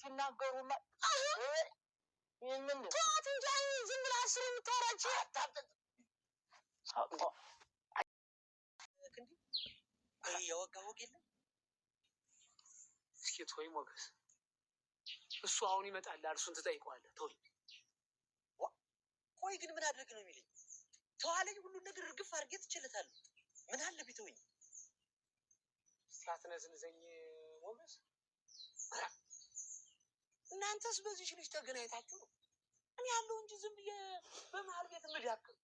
ሲናገሩና ተዋት እንጂ ዝም ብላ አስር የምታወራቸው ያወጋ ወግ የለም። እስኪ ተወኝ ሞገስ፣ እሱ አሁን ይመጣል። እርሱን ትጠይቀዋለህ። ተወኝ ቆይ፣ ግን ምን አድርግ ነው የሚለኝ? ተዋለኝ ሁሉን ነገር እርግፍ አድርጌ ትችልታለህ። ምን አለ ቢተወኝ ሲያትነዝንዘኝ ሞገስ እናንተስ በዚህ ልጅ ተገናኝታችሁ እኔ ያለው እንጂ ዝም ብዬ በመሀል ቤት ምዳክም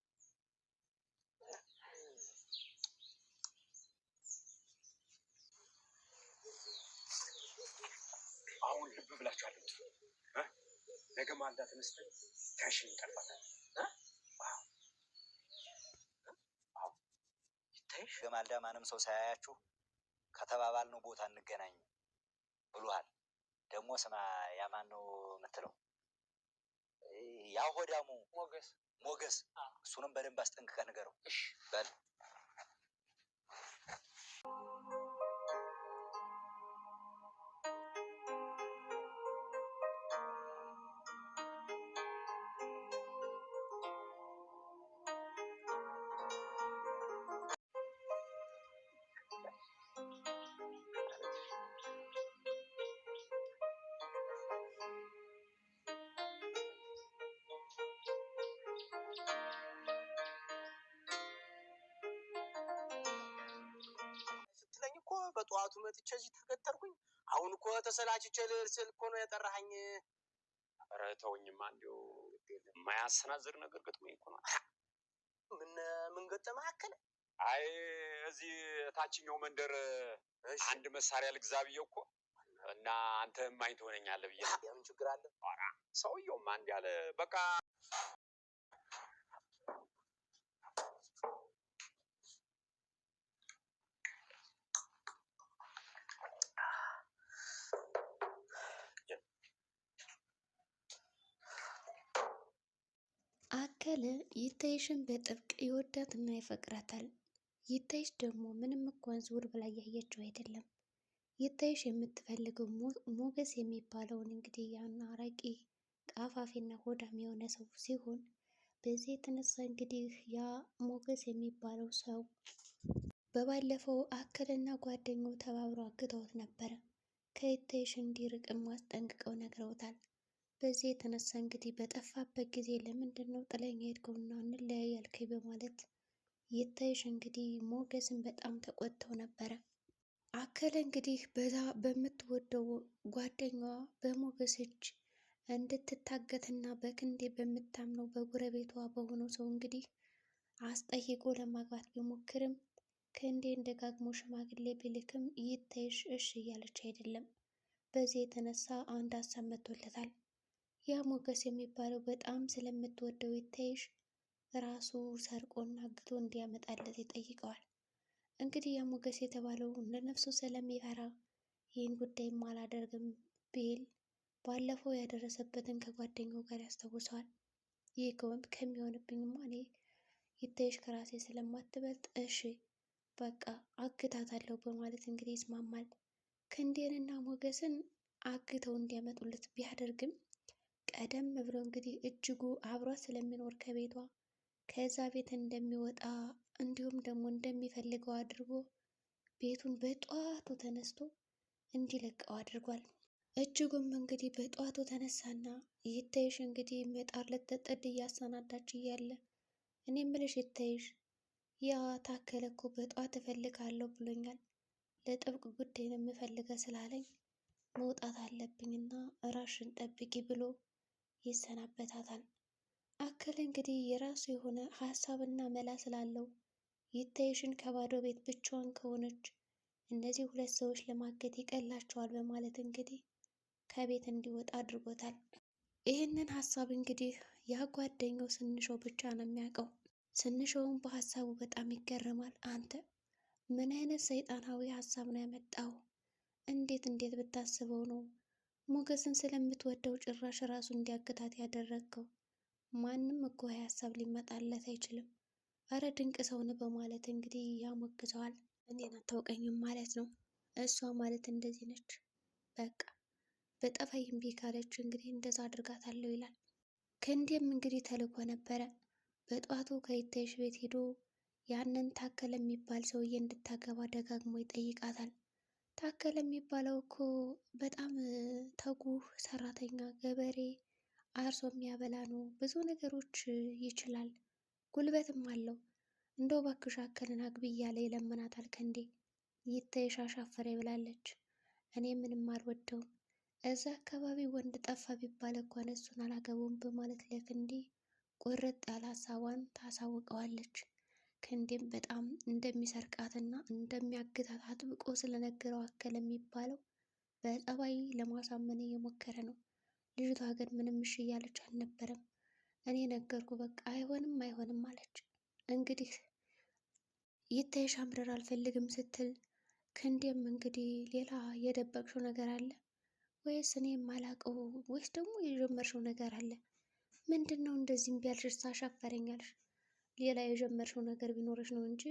አሁን ልብ ብላችሁ አለ ነገ ማልዳ ተነስተን ከሽን ይቀርባታል። ይታይሽ ማልዳ ማንም ሰው ሳያያችሁ ከተባባልነው ቦታ እንገናኝ ብሏል። ደግሞ ስማ ያማን ነው የምትለው? ያ ሆዳሙ ሞገስ ሞገስ፣ እሱንም በደንብ አስጠንቅቀ ንገረው። እሺ በል ጠዋቱ መጥቼ እዚህ ተገጠርኩኝ። አሁን እኮ ተሰላችቼ ልል ስል እኮ ነው የጠራኸኝ። ኧረ ተውኝማ፣ እንዲሁ የማያሰናዝር ነገር ገጥሞኝ እኮ ነው። ምን ምን ገጠመህ አከለ? አይ እዚህ ታችኛው መንደር አንድ መሳሪያ ልግዛ ብዬ እኮ እና አንተ ማኝ ትሆነኛለህ ብዬ ምን ችግር አለ? ሰውየውም አንድ ያለ በቃ በቀለ ይታይሽን በጥብቅ እና ይፈቅራታል። ይታይሽ ደግሞ ምንም እንኳን ዞር ብላ እያየችው አይደለም። ይታይሽ የምትፈልገው ሞገስ የሚባለውን እንግዲህ ያን አራቂ ቃፋፊና ሆዳም የሆነ ሰው ሲሆን በዚህ የተነሳ እንግዲህ ያ ሞገስ የሚባለው ሰው በባለፈው አክልና ጓደኛው ተባብሮ አግተውት ነበረ። ከይታይሽ እንዲርቅም አስጠንቅቀው ነግረውታል። በዚህ የተነሳ እንግዲህ በጠፋበት ጊዜ ለምንድን ነው ጥለኝ ሄድከውና እንለያይ ያልከኝ በማለት ይታይሽ እንግዲህ ሞገስን በጣም ተቆጥተው ነበረ። አከለ እንግዲህ በዛ በምትወደው ጓደኛዋ በሞገስ እጅ እንድትታገትና በክንዴ በምታምነው በጎረቤቷ በሆነው ሰው እንግዲህ አስጠይቆ ለማግባት ቢሞክርም ክንዴ እንደጋግሞ ሽማግሌ ቢልክም ይታይሽ እሽ እያለች አይደለም። በዚህ የተነሳ አንድ ሀሳብ መጥቶለታል። ያ ሞገስ የሚባለው በጣም ስለምትወደው ይታይሽ ራሱ ሰርቆና አግቶ እንዲያመጣለት ይጠይቀዋል። እንግዲህ ያ ሞገስ የተባለው ለነፍሱ ስለሚፈራ ይህን ጉዳይም አላደርግም ቢል ባለፈው ያደረሰበትን ከጓደኛው ጋር ያስታውሰዋል። ይህ ከሆነ ከሚሆንብኝም እኔ ይታይሽ ከራሴ ስለማትበልጥ እሺ በቃ አግታታለሁ በማለት እንግዲህ ይስማማል። ክንዴንና ሞገስን አግተው እንዲያመጡለት ቢያደርግም ቀደም ብሎ እንግዲህ እጅጉ አብሯ ስለሚኖር ከቤቷ ከዛ ቤት እንደሚወጣ እንዲሁም ደግሞ እንደሚፈልገው አድርጎ ቤቱን በጠዋቱ ተነስቶ እንዲለቀው አድርጓል። እጅጉም እንግዲህ በጧቱ ተነሳና ይታይሽ እንግዲህ መጣር ልትጥድ እያሰናዳች እያለ እኔ ምልሽ ይታይሽ ያ ታከለ እኮ በጧት እፈልጋለሁ ብሎኛል። ለጥብቅ ጉዳይ ነው የምፈልገ ስላለኝ መውጣት አለብኝና ራሽን ጠብቂ ብሎ ይሰናበታታል። አክል እንግዲህ የራሱ የሆነ ሀሳብና መላ ስላለው ይታይሽን ከባዶ ቤት ብቻዋን ከሆነች እነዚህ ሁለት ሰዎች ለማገት ይቀላቸዋል በማለት እንግዲህ ከቤት እንዲወጣ አድርጎታል። ይህንን ሀሳብ እንግዲህ ያጓደኘው ስንሸው ብቻ ነው የሚያውቀው። ስንሸውም በሀሳቡ በጣም ይገረማል። አንተ ምን አይነት ሰይጣናዊ ሀሳብ ነው ያመጣው? እንዴት እንዴት ብታስበው ነው ሞገስን ስለምትወደው ጭራሽ ራሱ እንዲያግታት ያደረግከው። ማንም እኮ ሀሳብ ሊመጣለት አይችልም። እረ ድንቅ ሰውን በማለት እንግዲህ ያሞግዘዋል። እኔን አታውቀኝም ማለት ነው። እሷ ማለት እንደዚህ ነች። በቃ በጠፋይ እምቢ እንግዲህ እንደዛ አድርጋታለሁ ይላል። ክንዴም እንግዲህ ተልኮ ነበረ በጧቱ ከይታይሽ ቤት ሄዶ ያንን ታከለ የሚባል ሰውዬ እንድታገባ ደጋግሞ ይጠይቃታል። ታከለ የሚባለው እኮ በጣም ተጉህ ሰራተኛ፣ ገበሬ፣ አርሶ የሚያበላ ነው። ብዙ ነገሮች ይችላል፣ ጉልበትም አለው። እንደው እባክሽ አከልን አግቢ እያለ ይለምናታል። ከንዴ ይተሻሻፈረ ይብላለች። እኔ ምንም አልወደውም። እዛ አካባቢ ወንድ ጠፋ ቢባል እንኳን እሱን አላገቡም በማለት ለክንዴ ቁርጥ ያለ ሀሳቧን ታሳውቀዋለች። ክንዴም በጣም እንደሚሰርቃትና እንደሚያግታት አጥብቆ ስለነገረው አከለ የሚባለው በጠባይ ለማሳመን እየሞከረ ነው። ልጅቷ ግን ምንም እሺ እያለች አልነበረም። እኔ ነገርኩ በቃ አይሆንም አይሆንም አለች። እንግዲህ ይታይሽ አምረር አልፈልግም ስትል ክንዴም እንግዲህ ሌላ የደበቅሽው ነገር አለ ወይስ እኔ የማላውቀው ወይስ ደግሞ የጀመርሽው ነገር አለ ምንድን ነው እንደዚህ እምቢ ያልሽ ሳሻፈረኛልሽ ሌላ የጀመርሽው ነገር ቢኖረች ነው እንጂ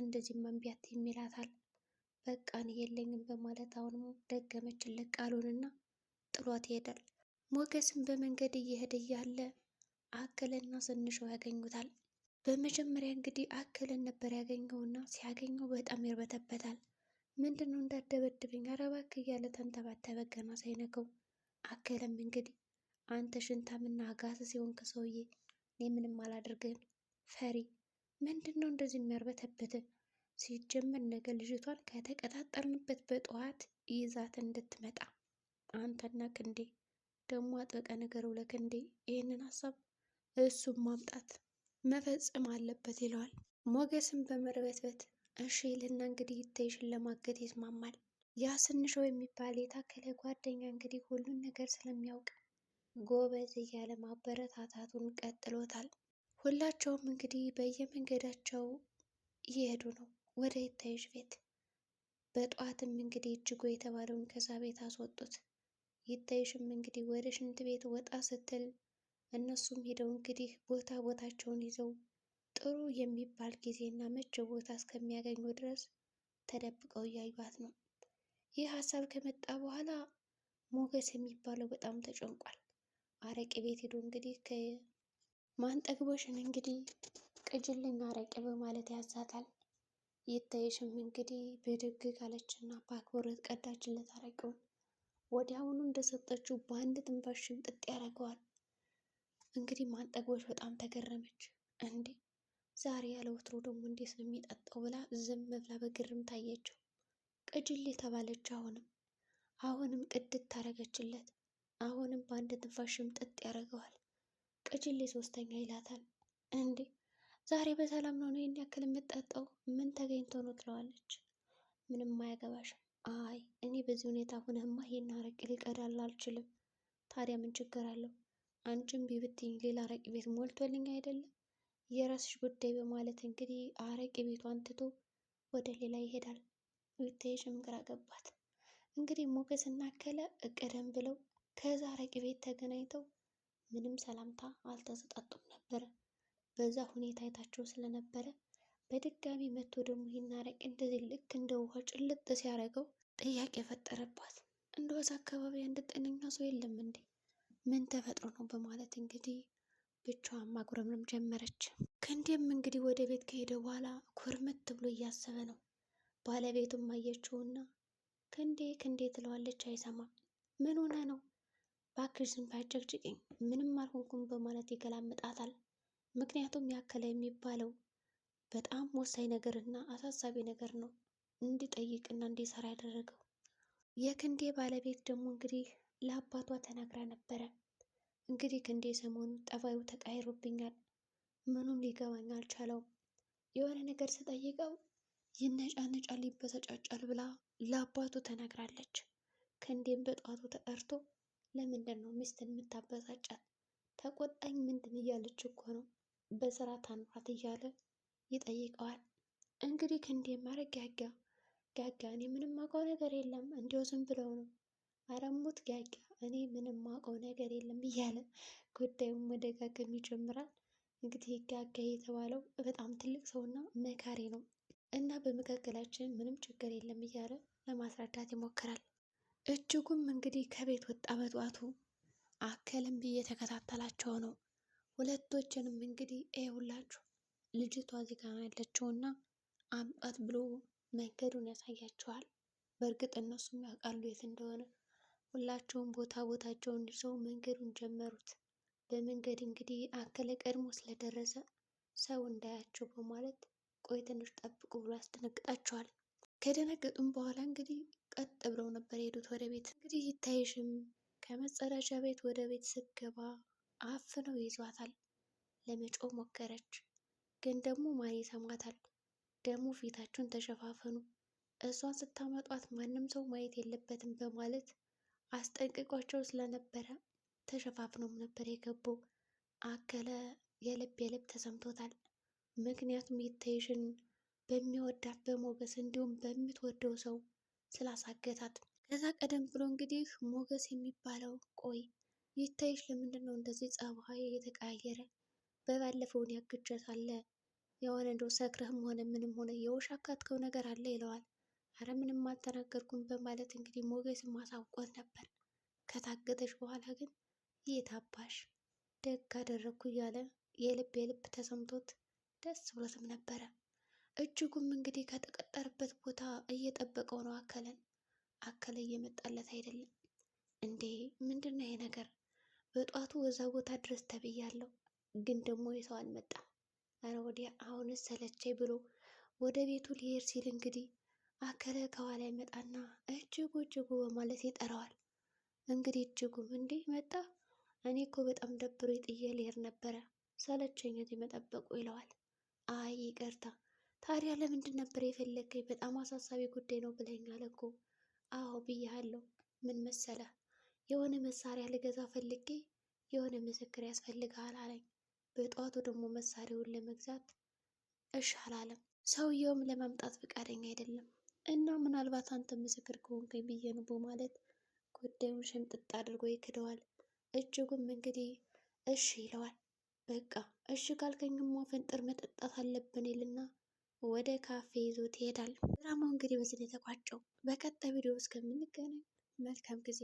እንደዚህ መንቢያት የሚላታል። በቃ እኔ የለኝም በማለት አሁንም ደገመችለት ቃሉንና ጥሏት ይሄዳል። ሞገስም በመንገድ እየሄደ እያለ አክልና ስንሸው ያገኙታል። በመጀመሪያ እንግዲህ አክልን ነበር ያገኘውና ሲያገኘው በጣም ይርበተበታል። ምንድን ነው እንዳደበድበኝ አረባክ እያለ ተንተባተበ ገና ሳይነከው። አክልም እንግዲህ አንተ ሽንታምና አጋስ ሲሆን ከሰውዬ እኔ ምንም አላደርግህም ፈሪ ምንድን ነው እንደዚህ የሚያርበተበት? ሲጀመር ነገ ልጅቷን ከተቀጣጠርንበት በጠዋት ይዛት እንድትመጣ አንተና ክንዴ ደግሞ አጥበቀ ነገር ብለ ክንዴ ይህንን ሀሳብ እሱም ማምጣት መፈጸም አለበት ይለዋል። ሞገስን በመርበትበት እሺ ይልና እንግዲህ ይታይሽን ለማገት ይስማማል። ያ ስንሸው የሚባል የታከለ ጓደኛ እንግዲህ ሁሉን ነገር ስለሚያውቅ ጎበዝ እያለ ማበረታታቱን ቀጥሎታል። ሁላቸውም እንግዲህ በየመንገዳቸው እየሄዱ ነው ወደ ይታይሽ ቤት። በጠዋትም እንግዲህ እጅጎ የተባለውን ከዛ ቤት አስወጡት። ይታይሽም እንግዲህ ወደ ሽንት ቤት ወጣ ስትል እነሱም ሄደው እንግዲህ ቦታ ቦታቸውን ይዘው ጥሩ የሚባል ጊዜና መቼ ቦታ እስከሚያገኙ ድረስ ተደብቀው እያዩት ነው። ይህ ሀሳብ ከመጣ በኋላ ሞገስ የሚባለው በጣም ተጨንቋል። አረቄ ቤት ሄዶ እንግዲህ ማንጠግቦሽን እንግዲህ ቅጅልኝ አረቄ በማለት ያዛታል። ይታይሽም እንግዲህ ብድግ ካለች እና በአክብሮት ቀዳችለት አረቄውን። ወዲያውኑ እንደሰጠችው በአንድ ትንፋሽ ሽምጥጥ ያደርገዋል። እንግዲህ ማንጠግቦች በጣም ተገረመች። እንዴ ዛሬ ያለ ወትሮ ደግሞ እንዴት ነው የሚጠጣው ብላ ዝም ብላ በግርም ታየችው። ቅጅል የተባለች አሁንም አሁንም ቅድት ታደረገችለት። አሁንም በአንድ ትንፋሽ ሽምጥጥ ያደርገዋል። ቅጅሌ ሶስተኛ ይላታል። እንዴ ዛሬ በሰላም ነው ነው ይህን ያክል የምጠጣው? ምን ተገኝቶ ነው ትለዋለች። ምንም አያገባሽም። አይ እኔ በዚህ ሁኔታ ሁነማ ይህን አረቄ ሊቀዳል አልችልም። ታዲያ ምን ችግር አለው? አንቺም ቢብትኝ ሌላ አረቂ ቤት ሞልቶልኝ አይደለም የራስሽ ጉዳይ በማለት እንግዲህ አረቂ ቤቷን ትቶ ወደ ሌላ ይሄዳል። ይታየሽም ግራ ገባት። እንግዲህ ሞገስ እና ከለ ብለው ከዛ አረቂ ቤት ተገናኝተው ምንም ሰላምታ አልተሰጣጡም ነበር? በዛ ሁኔታ አይታቸው ስለነበረ በድጋሚ መቶ ደግሞ ይህን አረቄ እንደዚህ ልክ እንደ ውሃ ጭልጥ ሲያደርገው ጥያቄ የፈጠረባት እንደ ወዛ አካባቢ አንድ ጤነኛ ሰው የለም እንዴ? ምን ተፈጥሮ ነው በማለት እንግዲህ ብቻዋን ማጉረምረም ጀመረች። ክንዴም እንግዲህ ወደ ቤት ከሄደ በኋላ ኩርምት ብሎ እያሰበ ነው። ባለቤቱም አየችውና ክንዴ ክንዴ ትለዋለች፣ አይሰማም። ምን ሆነ ነው ባክሽ ዝም በይ ምንም አልሆንኩም በማለት ይገላምጣታል። ምክንያቱም ያከለ የሚባለው በጣም ወሳኝ ነገር እና አሳሳቢ ነገር ነው እንዲጠይቅ እና እንዲሰራ ያደረገው። የክንዴ ባለቤት ደግሞ እንግዲህ ለአባቷ ተናግራ ነበረ። እንግዲህ ክንዴ ሰሞኑ ጠባዩ ተቃይሮብኛል፣ ምኑም ሊገባኝ አልቻለውም። የሆነ ነገር ስጠይቀው ይነጫነጫል፣ ይበሰጫጫል ብላ ለአባቱ ተናግራለች። ክንዴም በጠዋቱ ተጠርቶ ለምንድን ነው ሚስትን የምታበሳጫት? ተቆጣኝ ምንድን እያለች እኮ ነው በስራ ታኗት እያለ ይጠይቀዋል። እንግዲህ ክንዴ ማድረግ ጋጋ ጋጋ እኔ ምንም አውቀው ነገር የለም እንዲሁ ዝም ብለው ነው አረሙት ጋጋ እኔ ምንም አውቀው ነገር የለም እያለ ጉዳዩን መደጋገም ይጀምራል። እንግዲህ ጋጋ የተባለው በጣም ትልቅ ሰውና መካሪ ነው እና በመካከላችን ምንም ችግር የለም እያለ ለማስረዳት ይሞክራል። እጅጉም እንግዲህ ከቤት ወጣ በጧቱ አከልም እየተከታተላቸው ነው። ሁለቶችንም እንግዲህ እየውላችሁ ልጅቷ ዚጋ ያለችው እና አምጣት ብሎ መንገዱን ያሳያቸዋል። በእርግጥ እነሱም ያውቃሉ የት እንደሆነ። ሁላቸውም ቦታ ቦታቸውን ይዘው መንገዱን ጀመሩት። በመንገድ እንግዲህ አከለ ቀድሞ ስለደረሰ ሰው እንዳያቸው በማለት ቆይ ትንሽ ጠብቁ ብሎ ያስደነግጣቸዋል። ከደነገጡም በኋላ እንግዲህ ቀጥ ብለው ነበር የሄዱት ወደ ቤት። እንግዲህ ይታይሽም ከመጸዳጃ ቤት ወደ ቤት ስገባ አፍነው ይዟታል። ለመጮህ ሞከረች፣ ግን ደግሞ ማን ይሰማታል? ደግሞ ፊታችሁን ተሸፋፈኑ፣ እሷን ስታመጧት ማንም ሰው ማየት የለበትም በማለት አስጠንቅቋቸው ስለነበረ ተሸፋፍኖም ነበር የገባው። አከለ የልብ የልብ ተሰምቶታል። ምክንያቱም ይታይሽን በሚወዳት በሞገስ እንዲሁም በምትወደው ሰው ስላሳገታት ከዛ ቀደም ብሎ እንግዲህ ሞገስ የሚባለው ቆይ ይታይሽ ለምንድን ነው እንደዚህ ጸባይ የተቀያየረ? በባለፈውን ያግጀት አለ የሆነ እንደው ሰክረህም ሆነ ምንም ሆነ የውሻካትከው ነገር አለ ይለዋል። አረ ምንም አልተናገርኩም በማለት እንግዲህ ሞገስ ማሳውቋት ነበር። ከታገተች በኋላ ግን የታባሽ ደግ አደረግኩ እያለ የልብ የልብ ተሰምቶት ደስ ብሎትም ነበረ። እጅጉም እንግዲህ ከተቀጠረበት ቦታ እየጠበቀው ነው አከለን። አከለ እየመጣለት አይደለም እንዴ! ምንድን ነው ይሄ ነገር? በጧቱ እዛ ቦታ ድረስ ተብያለሁ፣ ግን ደግሞ የሰው አልመጣም። አረ ወዲያ አሁንስ ሰለቸኝ ብሎ ወደ ቤቱ ሊሄድ ሲል እንግዲህ አከለ ከኋላ ይመጣና እጅጉ እጅጉ በማለት ይጠራዋል። እንግዲህ እጅጉም እንዴ መጣ፣ እኔ እኮ በጣም ደብሮ ጥዬ ልሄድ ነበረ፣ ሰለቸኝ እዚህ መጠበቁ ይለዋል። አይ ይቅርታ ታዲያ ለምንድን ነበር የፈለግከኝ? በጣም አሳሳቢ ጉዳይ ነው ብለኸኛል እኮ። አዎ ብያሃለሁ። ምን መሰለ የሆነ መሳሪያ ልገዛ ፈልጌ የሆነ ምስክር ያስፈልግሃል አለኝ። በጠዋቱ ደግሞ መሳሪያውን ለመግዛት እሺ አላለም። ሰውየውም ለመምጣት ፈቃደኛ አይደለም እና ምናልባት አንተ ምስክር ከሆንከኝ ብዬ ነው በማለት ጉዳዩን ሽምጥጥ አድርጎ ይክደዋል። እጅጉም እንግዲህ እሺ ይለዋል። በቃ እሺ ካልከኝማ ፈንጥር መጠጣት አለብን ይልና ወደ ካፌ ይዞት ይሄዳል። ድራማው እንግዲህ በዚህ ነው የተቋጨው። በቀጣይ ቪዲዮ እስከምንገናኝ መልካም ጊዜ